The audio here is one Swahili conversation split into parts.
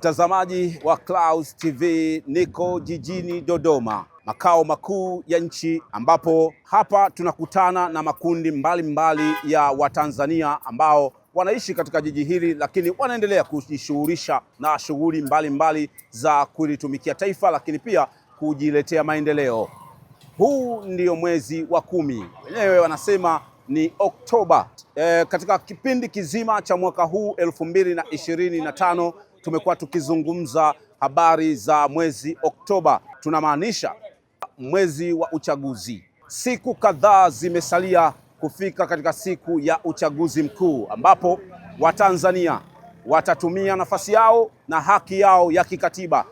Mtazamaji wa Clouds TV, niko jijini Dodoma, makao makuu ya nchi, ambapo hapa tunakutana na makundi mbalimbali mbali ya Watanzania ambao wanaishi katika jiji hili lakini wanaendelea kujishughulisha na shughuli mbalimbali za kulitumikia taifa, lakini pia kujiletea maendeleo. Huu ndio mwezi wa kumi, wenyewe wanasema ni Oktoba. E, katika kipindi kizima cha mwaka huu elfu mbili na ishirini na tano tumekuwa tukizungumza habari za mwezi Oktoba, tunamaanisha mwezi wa uchaguzi. Siku kadhaa zimesalia kufika katika siku ya uchaguzi mkuu ambapo Watanzania watatumia nafasi yao na haki yao ya kikatiba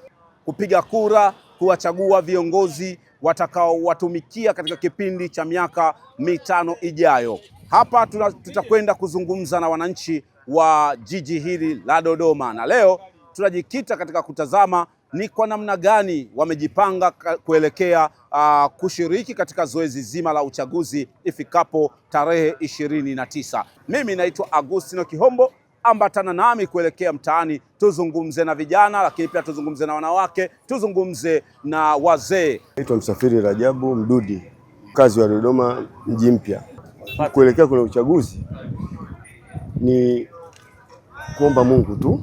kupiga kura kuwachagua viongozi watakaowatumikia katika kipindi cha miaka mitano ijayo. Hapa tutakwenda kuzungumza na wananchi wa jiji hili la Dodoma, na leo tunajikita katika kutazama ni kwa namna gani wamejipanga kuelekea uh, kushiriki katika zoezi zima la uchaguzi ifikapo tarehe ishirini na tisa. Mimi naitwa Agustino Kihombo, ambatana nami kuelekea mtaani, tuzungumze na vijana, lakini pia tuzungumze na wanawake, tuzungumze na wazee. Naitwa Msafiri Rajabu Mdudi, mkazi wa Dodoma mji mpya. Kuelekea kwenye uchaguzi ni kuomba Mungu tu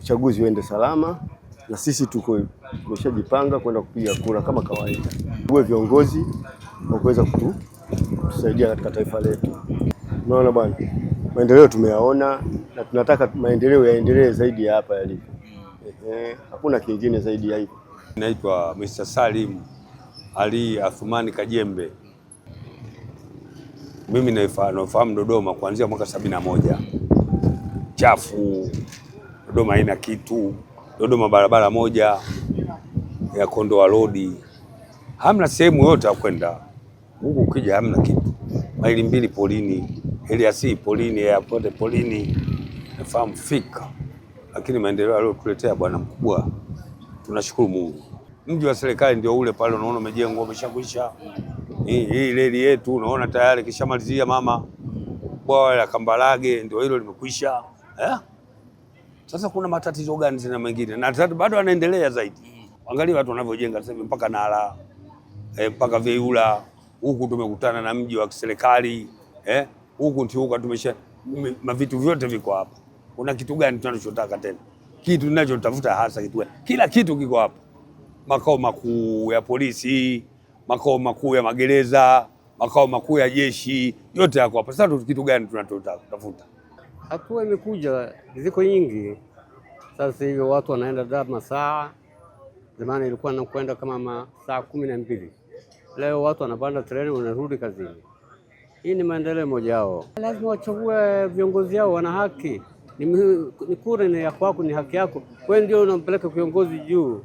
uchaguzi uende salama, na sisi tuko tumeshajipanga kwenda kupiga kura kama kawaida, uwe viongozi wa kuweza kutusaidia katika taifa letu. Unaona bwana, maendeleo tumeyaona na tunataka maendeleo yaendelee zaidi ya hapa yalivyo. Ehe, hakuna kingine zaidi ya hivyo. Naitwa Mr. Salim Ali Athumani Kajembe. Mimi naifahamu Dodoma kuanzia mwaka sabini na moja chafu. Dodoma haina kitu. Dodoma barabara moja ya Kondoa lodi, hamna sehemu yote ya kwenda huku. Ukija hamna kitu, maili mbili polini, Heliasi polini, yapote polini, nafahamu fika. Lakini maendeleo aliyotuletea bwana mkubwa, tunashukuru Mungu. Mji wa serikali ndio ule pale, unaona umejengwa, umeshakwisha. Hii reli yetu unaona tayari kishamalizia, mama bwawa la Kambarage ndio hilo limekwisha. Eh? Sasa kuna matatizo gani zina mengine? Na bado anaendelea zaidi. Angalia watu wanavyojenga sasa mpaka Nala eh, mpaka Veiula huku tumekutana na mji wa serikali eh, huku Ntiuka tumesha mavitu vyote viko hapa. Kuna kitu gani tunachotaka tena? Kitu ninachotafuta hasa kitu gani? Kila kitu kiko hapa. Makao makuu ya polisi, makao makuu ya magereza, makao makuu ya jeshi, yote yako hapa. Sasa kitu gani tunachotafuta? hatua imekuja, ziko nyingi sasa hivi, watu wanaenda da masaa. Zamani ilikuwa nakwenda kama masaa kumi na mbili, leo watu wanapanda treni wanarudi kazini. Hii ni maendeleo moja yao. Lazima wachague viongozi yao, wana haki, ni kura ni ya kwako, ni haki yako, wewe ndio unampeleka kiongozi juu,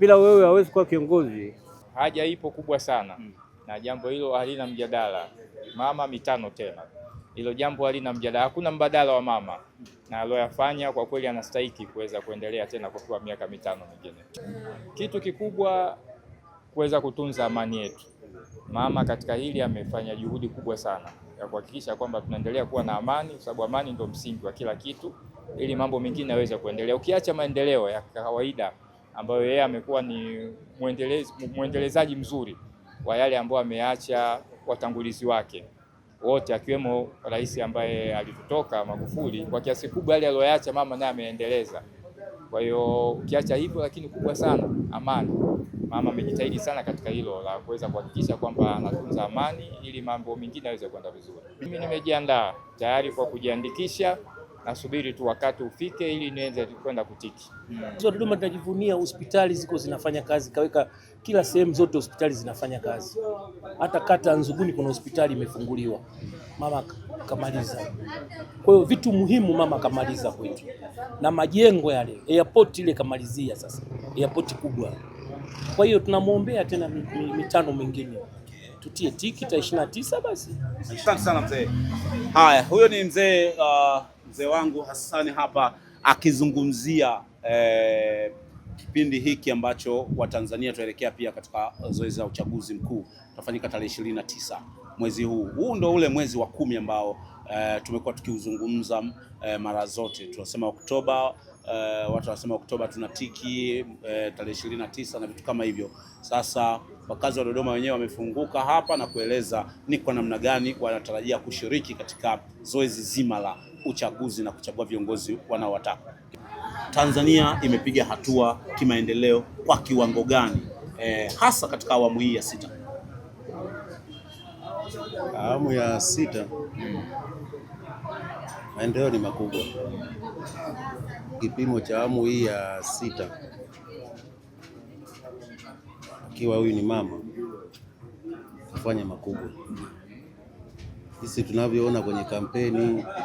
bila wewe hawezi kuwa kiongozi. Haja ipo kubwa sana hmm, na jambo hilo halina mjadala. Mama mitano tena hilo jambo halina mjadala, hakuna mbadala wa mama, na aliyofanya kwa kweli anastahiki kuweza kuendelea tena kwa miaka mitano mingine. Kitu kikubwa kuweza kutunza amani yetu. Mama katika hili amefanya juhudi kubwa sana ya kuhakikisha kwamba tunaendelea kuwa na amani, kwa sababu amani ndio msingi wa kila kitu, ili mambo mengine yaweze kuendelea, ukiacha maendeleo ya kawaida ambayo yeye amekuwa ni mwendelezaji mzuri wa yale ambayo ameacha watangulizi wake wote akiwemo rais ambaye alitutoka Magufuli, kwa kiasi kubwa yale aliyoacha mama naye ameendeleza. Kwa hiyo ukiacha hivyo, lakini kubwa sana amani. Mama amejitahidi sana katika hilo la kuweza kuhakikisha kwamba anatunza amani ili mambo mengine yaweze kwenda vizuri. Mimi nimejiandaa tayari kwa kujiandikisha nasubiri tu wakati ufike ili niweze kwenda kutiki. Hmm. Sisi Dodoma tunajivunia hospitali ziko zinafanya kazi, kaweka kila sehemu zote hospitali zinafanya kazi. Hata kata Nzuguni kuna hospitali imefunguliwa, mama kamaliza. Kwa hiyo vitu muhimu mama kamaliza kwetu, na majengo yale airport ile kamalizia, sasa airport kubwa. Kwa hiyo tunamwombea tena mitano mingine tutie tiki ta 29 tisa. Basi asante sana mzee. Haya, huyo ni mzee uh mzee wangu Hasani hapa akizungumzia eh, kipindi hiki ambacho Watanzania tuelekea pia katika zoezi la uchaguzi mkuu utafanyika tarehe ishirini na tisa mwezi huu. Huu ndo ule mwezi wa kumi ambao eh, tumekuwa tukiuzungumza eh, mara zote tunasema Oktoba uh, watu wanasema Oktoba tunatiki uh, eh, tarehe ishirini na tisa na vitu kama hivyo. Sasa wakazi wa Dodoma wenyewe wamefunguka hapa na kueleza ni kwa namna gani wanatarajia kushiriki katika zoezi zima la uchaguzi na kuchagua viongozi wanaowataka. Tanzania imepiga hatua kimaendeleo kwa kiwango gani, eh, hasa katika awamu hii ya sita? Awamu ya sita hmm maendeleo ni makubwa. Kipimo cha awamu hii ya sita, akiwa huyu ni mama, kufanya makubwa. Sisi tunavyoona kwenye kampeni